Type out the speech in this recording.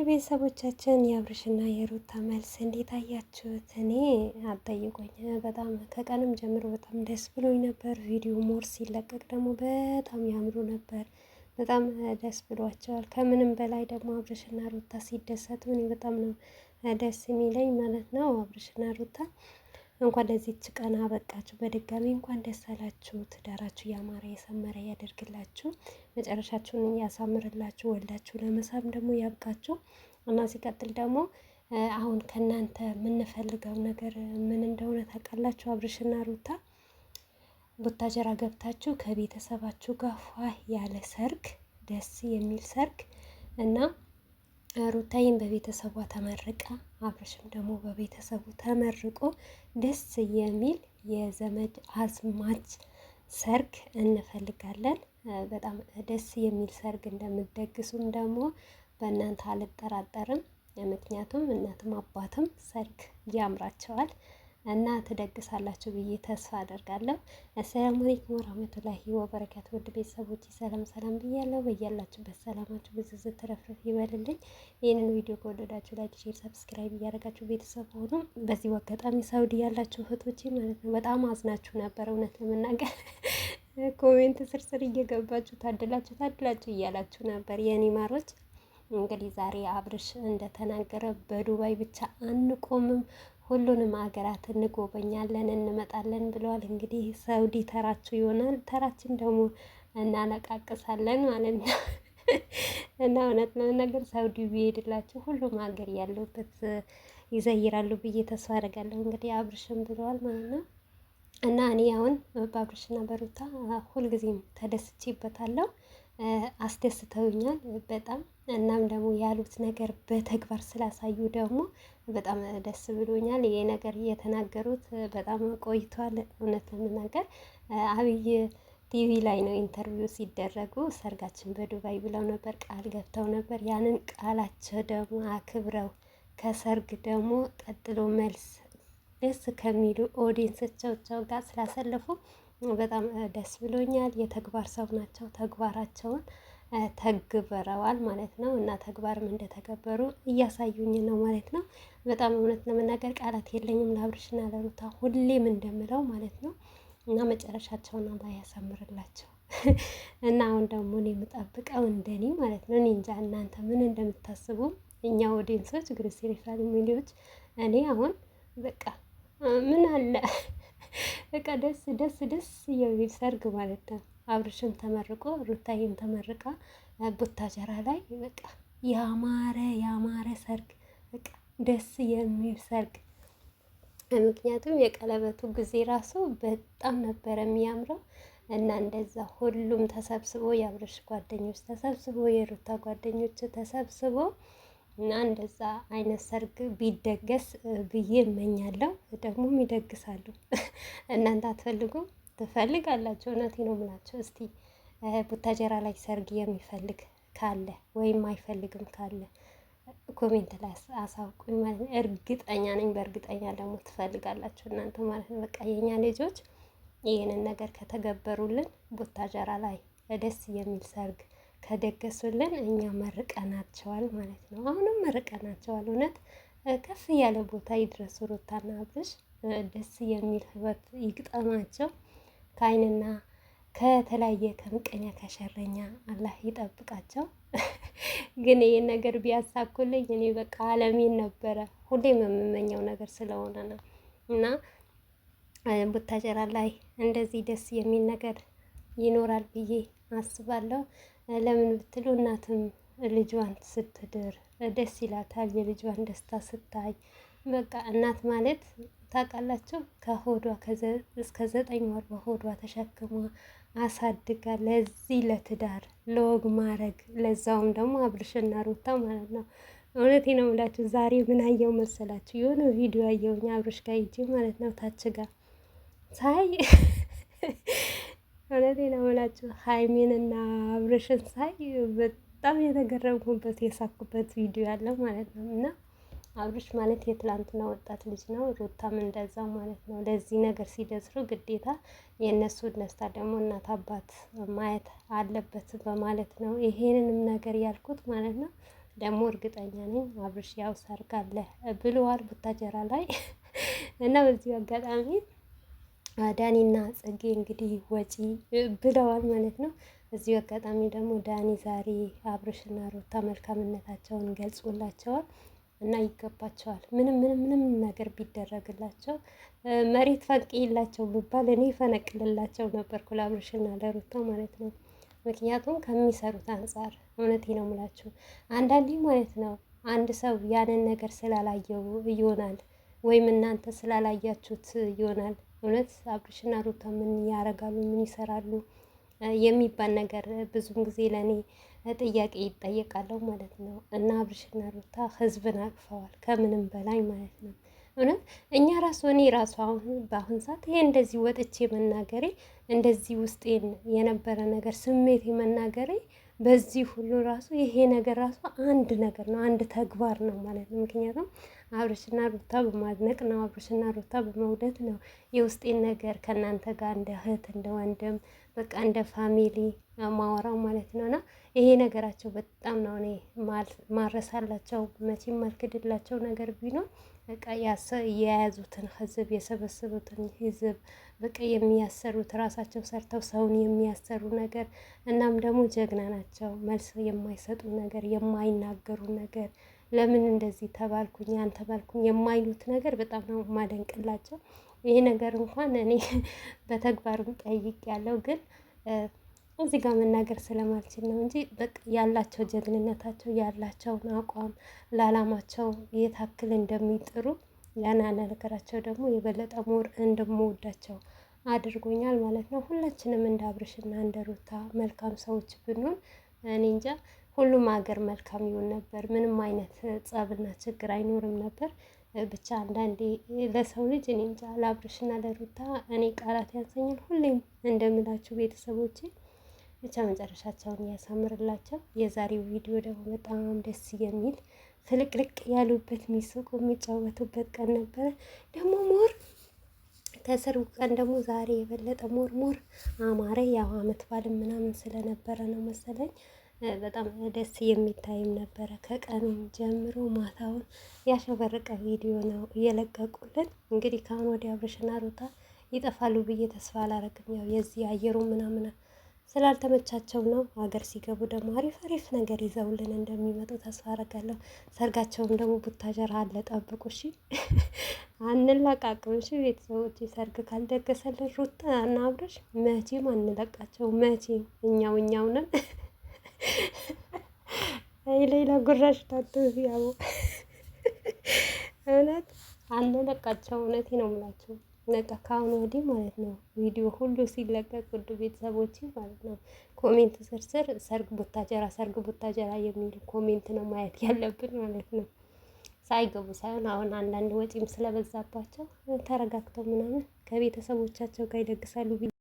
ውድ ቤተሰቦቻችን የአብርሽና የሩታ መልስ እንዴት አያችሁት? እኔ አጠይቆኝ በጣም ከቀንም ጀምሮ በጣም ደስ ብሎኝ ነበር። ቪዲዮ ሞር ሲለቀቅ ደግሞ በጣም ያምሩ ነበር። በጣም ደስ ብሏቸዋል። ከምንም በላይ ደግሞ አብርሽና ሩታ ሲደሰቱ እኔ በጣም ነው ደስ የሚለኝ ማለት ነው። አብርሽና ሩታ እንኳን ለዚች ቀን አበቃችሁ። በድጋሚ እንኳን ደስ አላችሁ። ትዳራችሁ ያማረ የሰመረ ያደርግላችሁ፣ መጨረሻችሁን እያሳምርላችሁ ወልዳችሁ ለመሳም ደግሞ ያብቃችሁ እና ሲቀጥል ደግሞ አሁን ከእናንተ የምንፈልገው ነገር ምን እንደሆነ ታውቃላችሁ። አብርሽና ሩታ ቡታጀራ ገብታችሁ ከቤተሰባችሁ ጋር ፏ ያለ ሰርግ፣ ደስ የሚል ሰርግ እና ሩታይን በቤተሰቧ ተመርቃ አብርሽም ደግሞ በቤተሰቡ ተመርቆ ደስ የሚል የዘመድ አዝማች ሰርግ እንፈልጋለን። በጣም ደስ የሚል ሰርግ እንደምደግሱም ደግሞ በእናንተ አልጠራጠርም። ምክንያቱም እናትም አባትም ሰርግ ያምራቸዋል። እና ትደግሳላችሁ ብዬ ተስፋ አደርጋለሁ። አሰላሙ አለይኩም ወራህመቱላሂ ወበረካቱ። ውድ ቤተሰቦች ሰላም ሰላም ብያለሁ። በያላችሁበት ሰላማችሁ ብዙ ትረፍረፍ ይበልልኝ። ይህንን ቪዲዮ ከወደዳችሁ ላይክ፣ ሼር፣ ሰብስክራይብ እያደረጋችሁ ቤተሰብ ሆኑ። በዚሁ አጋጣሚ ሳውዲ ያላችሁ እህቶቼ ማለት ነው በጣም አዝናችሁ ነበር እውነት ለመናገር ኮሜንት ስርስር እየገባችሁ ታድላችሁ ታድላችሁ እያላችሁ ነበር የኔ ማሮች። እንግዲህ ዛሬ አብርሽ እንደተናገረ በዱባይ ብቻ አንቆምም ሁሉንም ሀገራት እንጎበኛለን እንመጣለን ብለዋል። እንግዲህ ሰውዲ ተራችሁ ይሆናል፣ ተራችን ደግሞ እናለቃቅሳለን ማለት ነው። እና እውነት ለመናገር ሳውዲ ቢሄድላችሁ ሁሉም ሀገር ያለበት ይዘይራሉ ብዬ ተስፋ አደርጋለሁ። እንግዲህ አብርሽም ብለዋል ማለት ነው። እና እኔ አሁን በአብርሽና በሩታ ሁልጊዜም ተደስቼበታለሁ። አስደስተውኛል በጣም እናም ደግሞ ያሉት ነገር በተግባር ስላሳዩ ደግሞ በጣም ደስ ብሎኛል። ይሄ ነገር የተናገሩት በጣም ቆይቷል እውነት ለመናገር አብይ ቲቪ ላይ ነው ኢንተርቪው ሲደረጉ ሰርጋችን በዱባይ ብለው ነበር ቃል ገብተው ነበር ያንን ቃላቸው ደግሞ አክብረው ከሰርግ ደግሞ ቀጥሎ መልስ ደስ ከሚሉ ኦዲየንሶቻቸው ጋር ስላሳለፉ በጣም ደስ ብሎኛል። የተግባር ሰው ናቸው። ተግባራቸውን ተግብረዋል ማለት ነው እና ተግባርም እንደተገበሩ እያሳዩኝ ነው ማለት ነው። በጣም እውነት ለመናገር ቃላት የለኝም ለአብርሽና ለሩታ ሁሌም እንደምለው ማለት ነው እና መጨረሻቸውን አላህ ያሳምርላቸው። እና አሁን ደግሞ እኔ የምጠብቀው እንደኔ ማለት ነው እኔ እንጃ እናንተ ምን እንደምታስቡ እኛ ኦዲየንሶች ግሪስ ሪፋ እኔ አሁን በቃ ምን አለ በቃ ደስ ደስ ደስ የሚል ሰርግ ማለት ነው። አብርሽም ተመርቆ ሩታዬም ተመርቃ ቡታጀራ ላይ በቃ ያማረ ያማረ ሰርግ በቃ ደስ የሚል ሰርግ። ምክንያቱም የቀለበቱ ጊዜ ራሱ በጣም ነበረ የሚያምረው እና እንደዛ ሁሉም ተሰብስቦ የአብርሽ ጓደኞች ተሰብስቦ የሩታ ጓደኞች ተሰብስቦ እና እንደዛ አይነት ሰርግ ቢደገስ ብዬ እመኛለሁ። ደግሞም ይደግሳሉ። እናንተ አትፈልጉም? ትፈልጋላችሁ። እውነቴ ነው የምላችሁ። እስቲ ቡታጀራ ላይ ሰርግ የሚፈልግ ካለ ወይም አይፈልግም ካለ ኮሜንት ላይ አሳውቁኝ ማለት ነው። እርግጠኛ ነኝ በእርግጠኛ ደግሞ ትፈልጋላችሁ እናንተ ማለት ነው። በቃ የኛ ልጆች ይህንን ነገር ከተገበሩልን ቡታጀራ ላይ ደስ የሚል ሰርግ ከደገሱልን እኛ መርቀናቸዋል ማለት ነው። አሁንም መርቀናቸዋል። እውነት ከፍ ያለ ቦታ ይድረሱ ሩታና አብርሽ። ደስ የሚል ህይወት ይግጠማቸው። ከአይንና ከተለያየ ከምቀኛ ከሸረኛ አላህ ይጠብቃቸው። ግን ይህን ነገር ቢያሳኩልኝ እኔ በቃ አለሜን ነበረ። ሁሌም የምመኘው ነገር ስለሆነ ነው እና ቡታጀራ ላይ እንደዚህ ደስ የሚል ነገር ይኖራል ብዬ አስባለሁ። ለምን ብትሉ እናትም ልጇን ስትድር ደስ ይላታል። የልጇን ደስታ ስታይ በቃ እናት ማለት ታውቃላችሁ ከሆዷ እስከ ዘጠኝ ወር በሆዷ ተሸክማ አሳድጋ ለዚህ ለትዳር ለወግ ማድረግ ለዛውም ደግሞ አብርሽና ሩታ ማለት ነው። እውነቴ ነው የምላችሁ። ዛሬ ምን አየው መሰላችሁ? የሆነ ቪዲዮ አየውኝ አብርሽ ጋር ሂጅ ማለት ነው ታች ጋር ሳይ እውነቴን ነው የምላችሁ እና አብረሽን ሳይ በጣም የተገረምኩበት የሳኩበት ቪዲዮ ያለው ማለት ነው። እና አብረሽ ማለት የትላንትና ወጣት ልጅ ነው፣ ሩታም እንደዛ ማለት ነው። ለዚህ ነገር ሲደስሩ ግዴታ የእነሱ ደስታ ደግሞ እናት አባት ማየት አለበት በማለት ነው ይሄንንም ነገር ያልኩት ማለት ነው። ደግሞ እርግጠኛ ነኝ አብረሽ ያው ሰርግ አለ ብለዋል ቡታጀራ ላይ እና በዚሁ አጋጣሚ ዳኒና ጽጌ እንግዲህ ወጪ ብለዋል ማለት ነው። እዚሁ አጋጣሚ ደግሞ ዳኒ ዛሬ አብርሽና ሩታ መልካምነታቸውን ገልጾላቸዋል እና ይገባቸዋል። ምንም ምንም ምንም ነገር ቢደረግላቸው መሬት ፈንቅይላቸው ብባል እኔ ፈነቅልላቸው ነበርኩ ለአብርሽና ለሩታ ማለት ነው። ምክንያቱም ከሚሰሩት አንጻር እውነቴ ነው ምላችሁ አንዳንዴ ማለት ነው አንድ ሰው ያንን ነገር ስላላየው ይሆናል ወይም እናንተ ስላላያችሁት ይሆናል እውነት አብርሽና ሩታ ምን ያረጋሉ ምን ይሰራሉ የሚባል ነገር ብዙም ጊዜ ለእኔ ጥያቄ ይጠየቃለሁ ማለት ነው። እና አብርሽና ሩታ ህዝብን አቅፈዋል ከምንም በላይ ማለት ነው። እውነት እኛ ራሱ እኔ ራሱ አሁን በአሁን ሰዓት ይሄ እንደዚህ ወጥቼ መናገሬ እንደዚህ ውስጤን የነበረ ነገር ስሜቴ መናገሬ በዚህ ሁሉ ራሱ ይሄ ነገር ራሱ አንድ ነገር ነው፣ አንድ ተግባር ነው ማለት ነው። ምክንያቱም አብርሽና ሩታ በማድነቅ ነው፣ አብርሽና ሩታ በመውደድ ነው የውስጤን ነገር ከእናንተ ጋር እንደ እህት እንደ ወንድም በቃ እንደ ፋሚሊ ማወራው ማለት ነው። እና ይሄ ነገራቸው በጣም ነው እኔ ማረሳላቸው መቼም ማልክድላቸው ነገር ቢኖር በቃ የያዙትን ህዝብ የሰበሰቡትን ህዝብ በቃ የሚያሰሩት ራሳቸው ሰርተው ሰውን የሚያሰሩ ነገር እናም ደግሞ ጀግና ናቸው። መልስ የማይሰጡ ነገር የማይናገሩ ነገር ለምን እንደዚህ ተባልኩኝ ያን ተባልኩኝ የማይሉት ነገር በጣም ነው ማደንቅላቸው። ይሄ ነገር እንኳን እኔ በተግባርም ጠይቅ ያለው ግን እዚህ ጋር መናገር ስለማልችል ነው እንጂ በቃ ያላቸው ጀግንነታቸው ያላቸውን አቋም ለዓላማቸው የታክል እንደሚጥሩ ያና ነገራቸው ደግሞ የበለጠ ሞር እንደምወዳቸው አድርጎኛል ማለት ነው። ሁላችንም እንደ አብርሽና እንደ ሩታ መልካም ሰዎች ብንሆን እኔ እንጃ ሁሉም ሀገር መልካም ይሆን ነበር። ምንም አይነት ጸብና ችግር አይኖርም ነበር። ብቻ አንዳንዴ ለሰው ልጅ እኔ እንጃ ለአብርሽና ለሩታ እኔ ቃላት ያንሰኛል። ሁሌም እንደምላችሁ ቤተሰቦቼ ብቻ መጨረሻቸውን እያሳምርላቸው። የዛሬው ቪዲዮ ደግሞ በጣም ደስ የሚል ፍልቅልቅ ያሉበት የሚስቁ የሚጫወቱበት ቀን ነበረ። ደግሞ ሞር ከሰርጉ ቀን ደግሞ ዛሬ የበለጠ ሞር ሞር አማረ። ያው አመት ባልም ምናምን ስለነበረ ነው መሰለኝ በጣም ደስ የሚታይም ነበረ። ከቀኑ ጀምሮ ማታውን ያሸበረቀ ቪዲዮ ነው እየለቀቁልን። እንግዲህ ከአሁን ወዲያ አብርሽና ሩታ ይጠፋሉ ብዬ ተስፋ አላረግም። ያው የዚህ አየሩ ምናምን ስላልተመቻቸው ነው። ሀገር ሲገቡ ደግሞ አሪፍ አሪፍ ነገር ይዘውልን እንደሚመጡ ተስፋ አረጋለሁ። ሰርጋቸውም ደግሞ ቡታጀራ አለ ጠብቁ። እሺ አንለቃቅም። እሺ ቤተሰቦች፣ ሰርግ ካልደገሰልን ሩታ እና አብረሽ መቼም አንለቃቸው። መቼም እኛው እኛው ነን። አይ ሌላ ጉራሽ ታቱ ያው እውነት አንለቃቸው። እውነቴ ነው የምላቸው። በቃ ከአሁን ወዲህ ማለት ነው ቪዲዮ ሁሉ ሲለቀቅ ውድ ቤተሰቦች ማለት ነው ኮሜንት ስር ስር ሰርግ ቡታጀራ፣ ሰርግ ቡታጀራ የሚል ኮሜንት ነው ማየት ያለብን ማለት ነው። ሳይገቡ ሳይሆን አሁን አንዳንድ ወጪም ስለበዛባቸው ተረጋግተው ምናምን ከቤተሰቦቻቸው ጋር ይደግሳሉ።